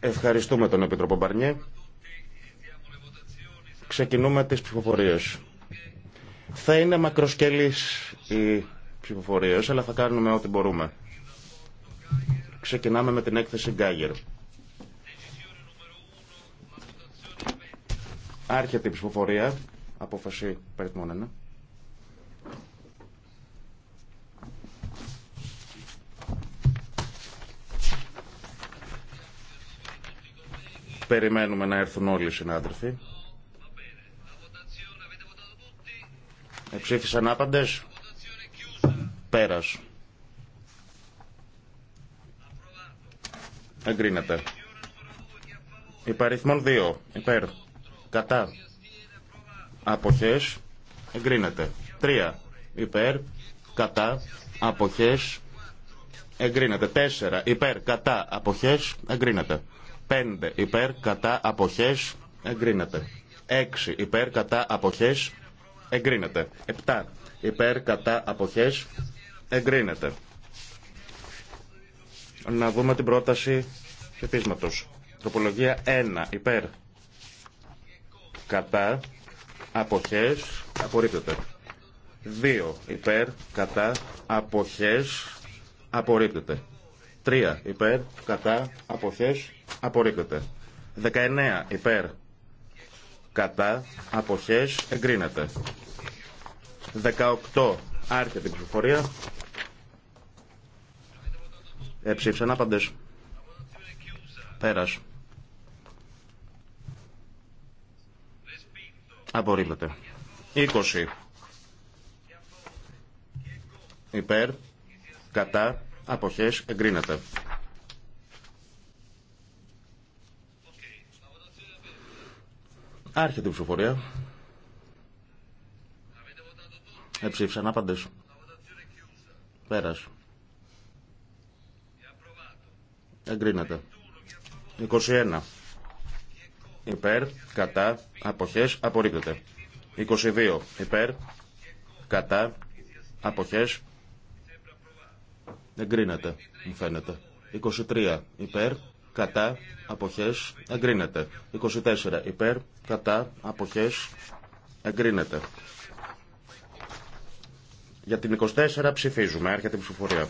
Ευχαριστούμε τον Επίτροπο Μπαρνιέ. Ξεκινούμε τις ψηφοφορίες. Θα είναι μακροσκελής η ψηφοφορίες, αλλά θα κάνουμε ό,τι μπορούμε. Ξεκινάμε με την έκθεση Γκάγερ. Άρχεται η ψηφοφορία. Απόφαση περιπτώνα. Περιμένουμε να έρθουν όλοι οι συνάδελφοι. Εψήφισαν άπαντες. Πέρας. Εγκρίνεται. Υπαριθμόν 2. Υπέρ. Κατά. Αποχές. Εγκρίνεται. 3. Υπέρ. Κατά. Αποχές. Εγκρίνεται. 4. Υπέρ. Κατά. Αποχές. Εγκρίνεται. 5 υπέρ κατά αποχέ. εγκρίνεται. 6 υπέρ κατά αποχέ. εγκρίνεται. 7 υπέρ κατά αποχέ. εγκρίνεται. Να δούμε την πρόταση ψηφίσματο. Τροπολογία 1 υπέρ κατά απόχέ, απορρίπτεται. 2 υπέρ κατά αποχέ. απορρίπτεται. 3 υπέρ, κατά, αποχές, απορρίπτεται. 19 υπέρ, κατά, αποχές, εγκρίνεται. 18 άρχεται την ψηφοφορία. Εψήφισαν άπαντες. Πέρας. Απορρίπτεται. 20. Υπέρ. Κατά. Αποχές εγκρίνεται. Άρχεται η ψηφοφορία. Εψήφισαν άπαντες. Πέρας. Εγκρίνεται. 21. Υπέρ, κατά, αποχές, απορρίπτεται. 22. Υπέρ, κατά, αποχές, Εγκρίνεται, μου φαίνεται. 23 υπέρ, κατά, αποχές, εγκρίνεται. 24 υπέρ, κατά, αποχές, εγκρίνεται. Για την 24 ψηφίζουμε, έρχεται η ψηφοφορία.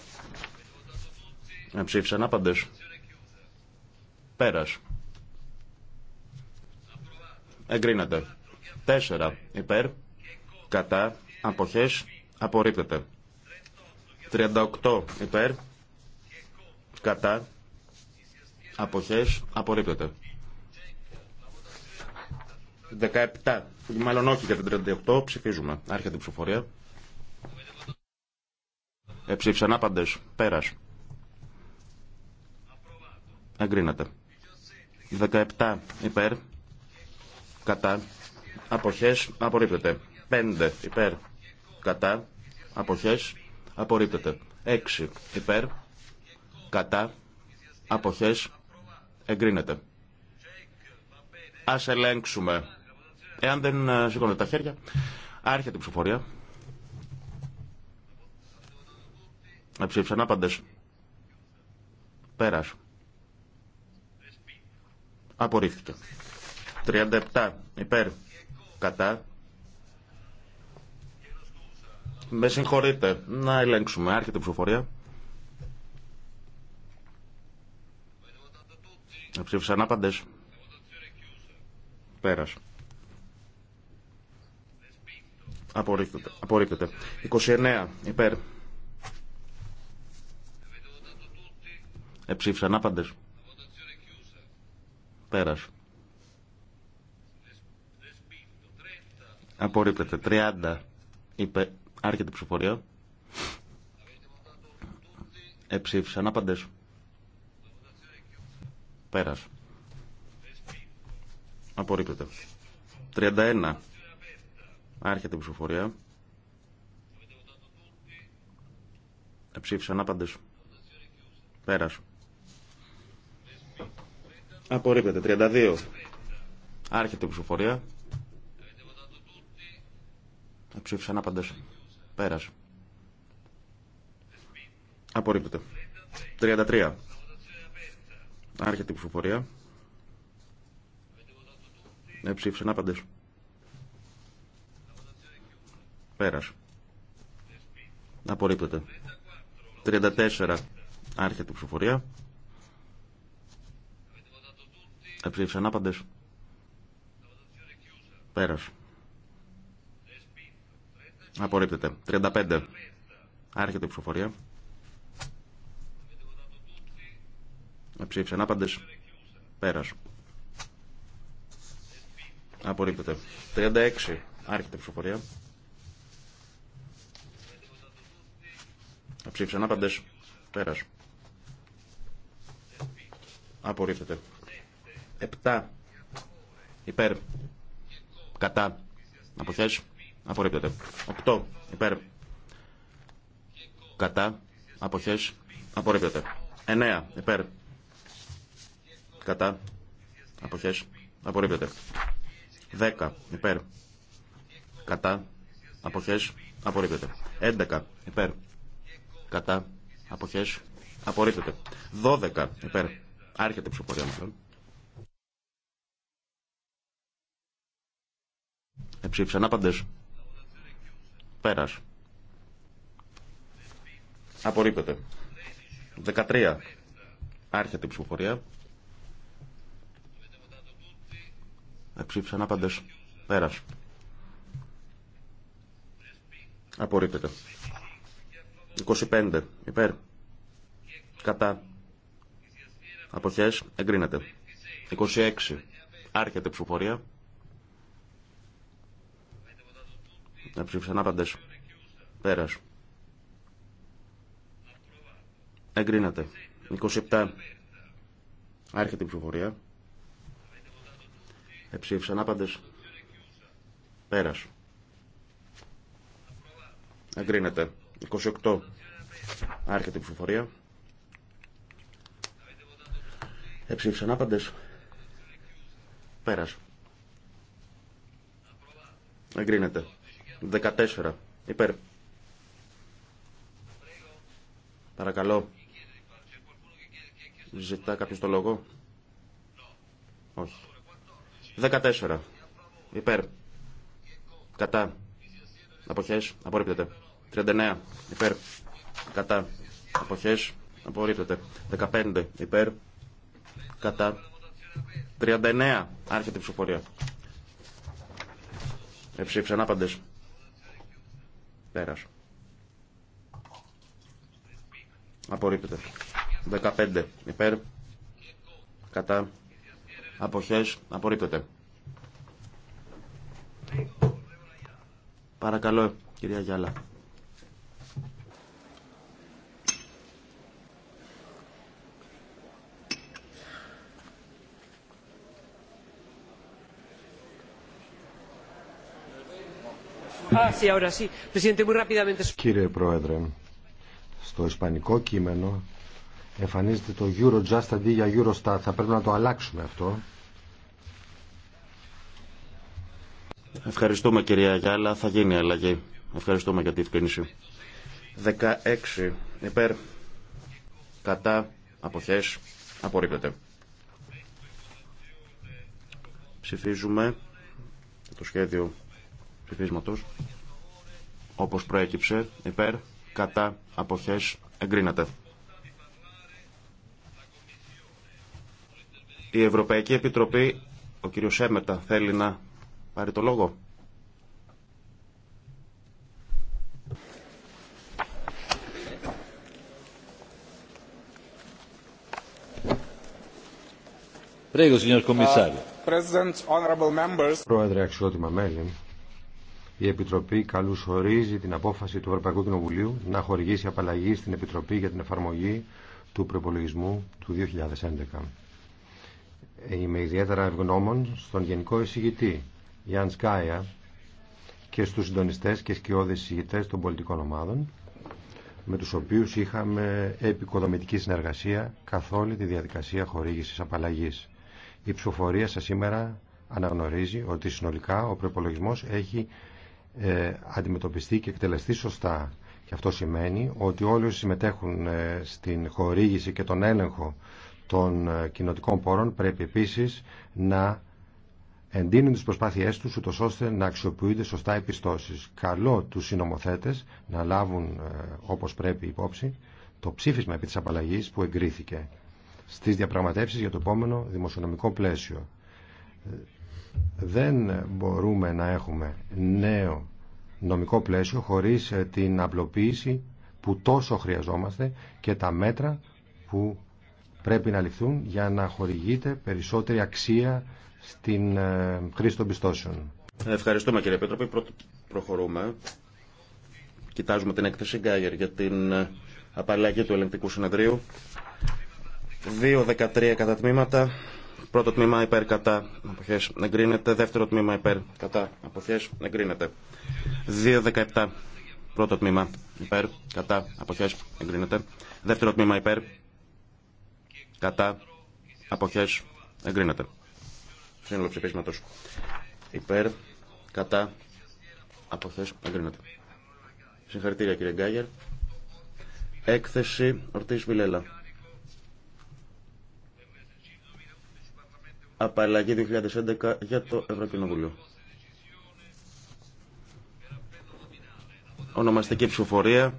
Ε, ψήφισαν άπαντες. Πέρας. Εγκρίνεται. 4 υπέρ, κατά, αποχές, απορρίπτεται. 38 υπέρ. Κατά. Αποχές. Απορρίπτεται. 17. Μάλλον όχι για την 38. Ψηφίζουμε. Άρχεται η ψηφοφορία. Εψήφισαν άπαντες. Πέρας. Εγκρίνεται. 17 υπέρ. Κατά. Αποχές. Απορρίπτεται. 5 υπέρ. Κατά. Αποχές απορρίπτεται. 6 υπέρ, κατά, αποχές, εγκρίνεται. Ας ελέγξουμε. Εάν δεν ε, σηκώνετε τα χέρια, άρχεται η ψηφοφορία. Εψήφισαν άπαντες. Πέρας. Απορρίφθηκε. 37 υπέρ, κατά, με συγχωρείτε. Να ελέγξουμε. Άρχεται η ψηφοφορία. Ψήφισαν άπαντε. Πέρας. Απορρίπτεται. Απορρίπτεται. 29. Υπέρ. Εψήφισαν άπαντε. Πέρας. Απορρίπτεται. 30. Υπέρ. Άρχεται η ψηφοφορία. Εψήφισαν άπαντες. πέρασε. Απορρίπτεται. 31. Άρχεται η ψηφοφορία. Εψήφισαν απαντήσω. Πέρασε. Απορρίπτεται. 32. Άρχεται η ψηφοφορία. να άπαντες. Πέρας. Απορρίπτεται. 33. Άρχεται η ψηφοφορία. Ε, να απαντήσω. Πέρας. Απορρίπτεται. 34. Άρχεται η ψηφοφορία. Ε, να απαντήσω. Πέρας. Απορρίπτεται. 35. Άρχεται η ψηφοφορία. Ψήφισαν απαντέ, Πέρας. Απορρίπτεται. 36. Άρχεται η ψηφοφορία. Ψήφισαν άπαντες. Πέρας. Απορρίπτεται. 7. Υπέρ. Κατά. Αποθέσει. Απορρίπτεται. 8 υπέρ. Κατά. Αποχέ. Απορρίπτεται. 9 υπέρ. Κατά. Αποχέ. Απορρίπτεται. 10 υπέρ. Κατά. Αποχέ. Απορρίπτεται. 11 υπέρ. Κατά. Αποχέ. Απορρίπτεται. 12 υπέρ. Άρχεται η ψηφοφορία μου. Εψήφισαν άπαντε πέρα. Απορρίπτεται. 13. Άρχεται η ψηφοφορία. Εψήφισαν άπαντε. Πέρα. Απορρίπτεται. 25. Υπέρ. Κατά. Αποχές. Εγκρίνεται. 26. Άρχεται η ψηφοφορία. Τα ψήφισαν άπαντες. Πέρας. Εγκρίνατε. 27. Άρχεται η ψηφοφορία. Εψήφισαν άπαντες. Πέρας. Εγκρίνεται. 28. Άρχεται η ψηφοφορία. Εψήφισαν άπαντες. Πέρας. Εγκρίνεται. 14. Υπέρ. Παρακαλώ. Ζητά κάποιο το λόγο. Όχι. 14. Υπέρ. Κατά. Αποχέ, Απορρίπτεται. 39. Υπέρ. Κατά. Αποχέ, Απορρίπτεται. 15. Υπέρ. Κατά. 39. Άρχεται η ψηφοφορία. Εψήφισαν άπαντες. Πέρας. Απορρίπτεται. 15 υπέρ. Κατά. Αποχές. Απορρίπτεται. Παρακαλώ, κυρία Γιάλα. Ah, Κύριε Πρόεδρε, στο ισπανικό κείμενο εμφανίζεται το Eurojust αντί για Eurostat. Θα πρέπει να το αλλάξουμε αυτό. Ευχαριστούμε κυρία Γιάλα. Θα γίνει αλλαγή. Ευχαριστούμε για τη διευκρινήση. 16 υπέρ κατά αποχές απορρίπτεται. Ψηφίζουμε το σχέδιο ψηφίσματο. όπως προέκυψε υπέρ κατά αποχές εγκρίνεται. Η Ευρωπαϊκή Επιτροπή, ο κύριος Σέμετα, θέλει να πάρει το λόγο. Uh, Πρόεδρε, αξιότιμα μέλη, η Επιτροπή ορίζει την απόφαση του Ευρωπαϊκού Κοινοβουλίου να χορηγήσει απαλλαγή στην Επιτροπή για την εφαρμογή του προπολογισμού του 2011. Είμαι ιδιαίτερα ευγνώμων στον Γενικό Εισηγητή Γιάνν Σκάια και στους συντονιστές και σκιώδες εισηγητές των πολιτικών ομάδων με τους οποίους είχαμε επικοδομητική συνεργασία καθ' όλη τη διαδικασία χορήγησης απαλλαγής. Η ψηφοφορία σας σήμερα αναγνωρίζει ότι συνολικά ο προπολογισμό έχει ε, αντιμετωπιστεί και εκτελεστεί σωστά. Και αυτό σημαίνει ότι όλοι όσοι συμμετέχουν ε, στην χορήγηση και τον έλεγχο των ε, κοινοτικών πόρων πρέπει επίσης να εντείνουν τις προσπάθειές τους ούτως ώστε να αξιοποιούνται σωστά οι πιστώσεις. Καλό τους συνομοθέτες να λάβουν όπως πρέπει υπόψη το ψήφισμα επί της απαλλαγής που εγκρίθηκε στις διαπραγματεύσεις για το επόμενο δημοσιονομικό πλαίσιο. Δεν μπορούμε να έχουμε νέο νομικό πλαίσιο χωρίς ε, την απλοποίηση που τόσο χρειαζόμαστε και τα μέτρα που πρέπει να ληφθούν για να χορηγείται περισσότερη αξία στην ε, χρήση των πιστώσεων. Ευχαριστούμε κύριε Πέτροπη. Προχωρούμε. Κοιτάζουμε την έκθεση Γκάγερ για την ε, απαλλαγή του ελεγκτικού συνεδρίου. 2-13 κατά Πρώτο τμήμα υπέρ κατά αποχές εγκρίνεται. Δεύτερο τμήμα υπέρ κατά αποχές εγκρίνεται. 2.17 πρώτο τμήμα υπέρ κατά αποχές εγκρίνεται. Δεύτερο τμήμα υπέρ κατά αποχές εγκρίνεται. Σύνολο ψηφίσματος υπέρ κατά αποχές εγκρίνεται. Συγχαρητήρια κύριε Γκάγερ. Έκθεση Ορτής Βιλέλα. Απαλλαγή 2011 για το Ευρωκοινοβούλιο. Ονομαστική ψηφοφορία.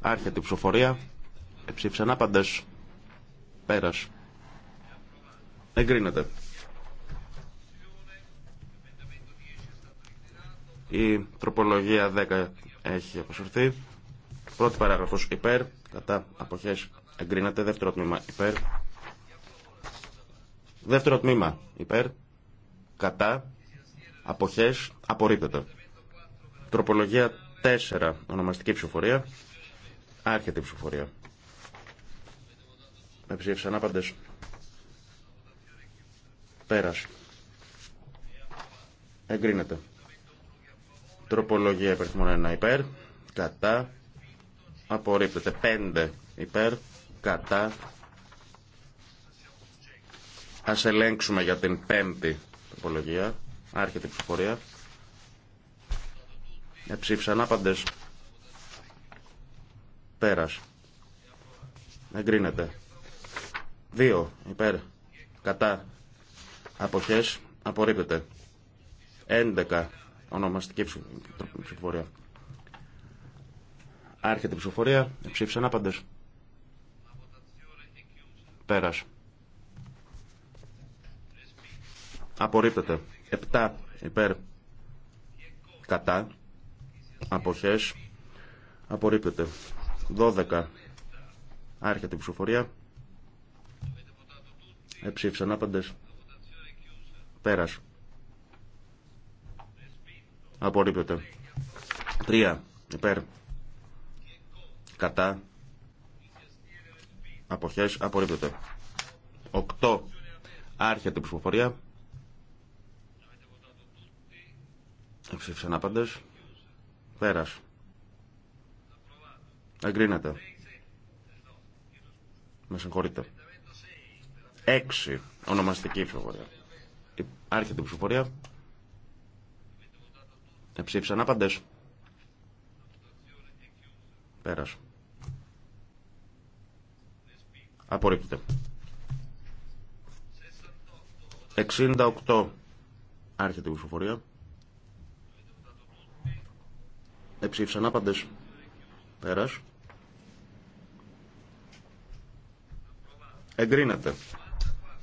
Άρχεται η ψηφοφορία. Εψήφισαν άπαντες. Πέρας. Εγκρίνεται. Η τροπολογία 10 έχει αποσυρθεί. Πρώτη παράγραφος υπέρ. Κατά αποχές εγκρίνεται. Δεύτερο τμήμα υπέρ. Δεύτερο τμήμα. Υπέρ. Κατά. Αποχές. Απορρίπτεται. Τροπολογία 4. Ονομαστική ψηφοφορία. Άρχεται η ψηφοφορία. Με ψήφισαν άπαντες. Πέρας. Εγκρίνεται. Τροπολογία 1 υπέρ. Κατά. Απορρίπτεται. 5 υπέρ. Κατά. Ας ελέγξουμε για την πέμπτη τροπολογία. Άρχεται η ψηφοφορία. Εψήφισαν άπαντες. Πέρας. Εγκρίνεται. Δύο. Υπέρ. Κατά. Αποχές. Απορρίπτεται. Έντεκα Ονομαστική ψηφοφορία. Άρχεται η ψηφοφορία. Ψήφισαν άπαντες. Πέρας. Απορρίπτεται. 7 υπέρ κατά αποχές. Απορρίπτεται. 12 άρχεται η ψηφοφορία. Εψήφισαν άπαντες. Πέρας. Απορρίπτεται. 3 υπέρ κατά αποχές. Απορρίπτεται. 8 άρχεται η ψηφοφορία. να άπαντες. Πέρας. Εγκρίνεται. Με συγχωρείτε. 6. Ονομαστική ψηφοφορία. Άρχεται η ψηφοφορία. Ε, ψήφισαν άπαντες. Πέρας. Απορρίπτεται. 68. Άρχεται η ψηφοφορία. Εψήφισαν άπαντε. πέρα Εγκρίνεται.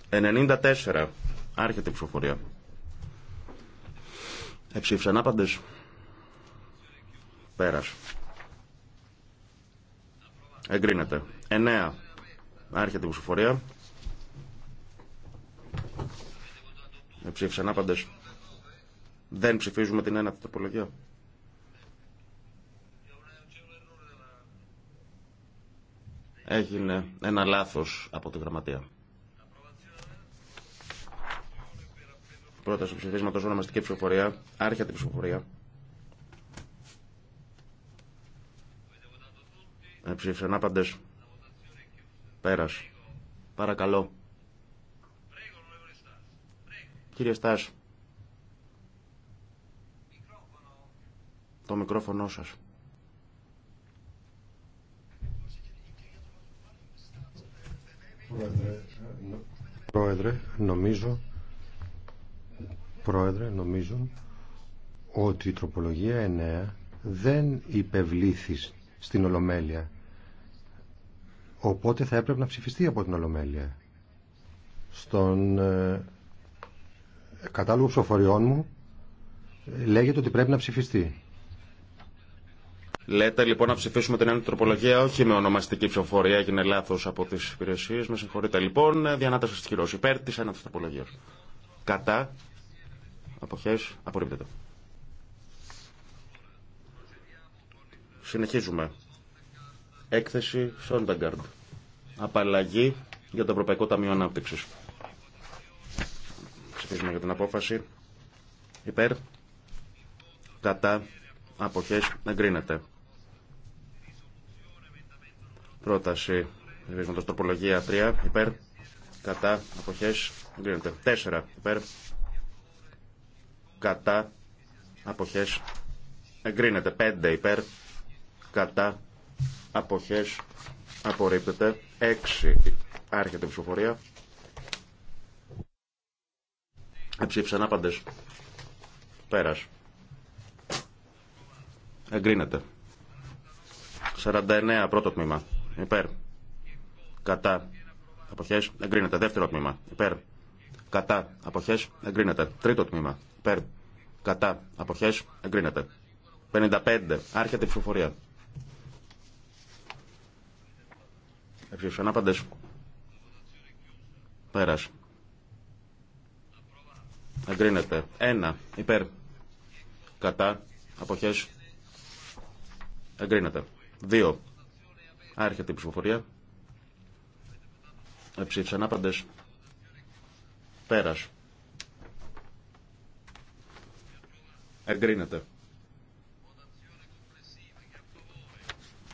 94. Άρχεται η ψηφοφορία. Εψήφισαν άπαντε. Πέρας. Εγκρίνεται. 9. Άρχεται η ψηφοφορία. Εψήφισαν άπαντε. Δεν ψηφίζουμε την ένατη τροπολογία. Έγινε ένα λάθος από τη γραμματεία. Πρόταση ψηφίσματος ονομαστική ψηφοφορία. Άρχια την ψηφοφορία. Ψήφισαν άπαντες. Πέρας. Παρακαλώ. Κύριε Στάς. Το μικρόφωνο σας. Πρόεδρε, νομίζω, Πρόεδρε, νομίζω ότι η τροπολογία 9 δεν υπευλήθη στην Ολομέλεια. Οπότε θα έπρεπε να ψηφιστεί από την Ολομέλεια. Στον ε, κατάλογο ψηφοφοριών μου λέγεται ότι πρέπει να ψηφιστεί. Λέτε λοιπόν να ψηφίσουμε την ένωτη τροπολογία όχι με ονομαστική ψηφοφορία, έγινε λάθο από τι υπηρεσίε. Με συγχωρείτε λοιπόν. Διανάταση τη κυρώσει υπέρ τη ένωτη τροπολογία. Κατά. Αποχέ. Απορρίπτεται. Συνεχίζουμε. Έκθεση Σόνταγκαρντ. Απαλλαγή για το Ευρωπαϊκό Ταμείο Ανάπτυξη. Ψηφίζουμε για την απόφαση. Υπέρ. Κατά. Αποχές εγκρίνεται πρόταση ψηφίσματος τροπολογία 3 υπέρ κατά αποχέ, εγκρίνεται 4 υπέρ κατά αποχές εγκρίνεται 5 υπέρ κατά αποχέ, απορρίπτεται 6 άρχεται η ψηφοφορία εψήφισαν άπαντες πέρας εγκρίνεται 49 πρώτο τμήμα Υπέρ. Κατά. Αποχές. Εγκρίνεται. Δεύτερο τμήμα. Υπέρ. Κατά. Αποχές. Εγκρίνεται. Τρίτο τμήμα. Υπέρ. Κατά. Αποχές. Εγκρίνεται. 55. Άρχεται η ψηφοφορία. Εψήφισαν άπαντε. Πέρας. Εγκρίνεται. Ένα. Υπέρ. Κατά. Αποχές. Εγκρίνεται. 2. Άρχεται η ψηφοφορία. Εψήφισαν άπαντε. Πέρα. Εγκρίνεται.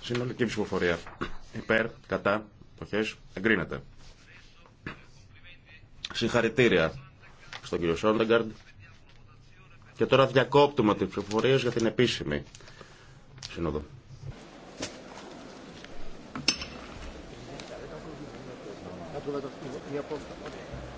Συνολική ψηφοφορία. Υπέρ, κατά, εποχέ. εγκρίνεται. Συγχαρητήρια στον κύριο Σόλτεγκαρντ. Και τώρα διακόπτουμε τις ψηφοφορία για την επίσημη σύνοδο. δουλεύω μια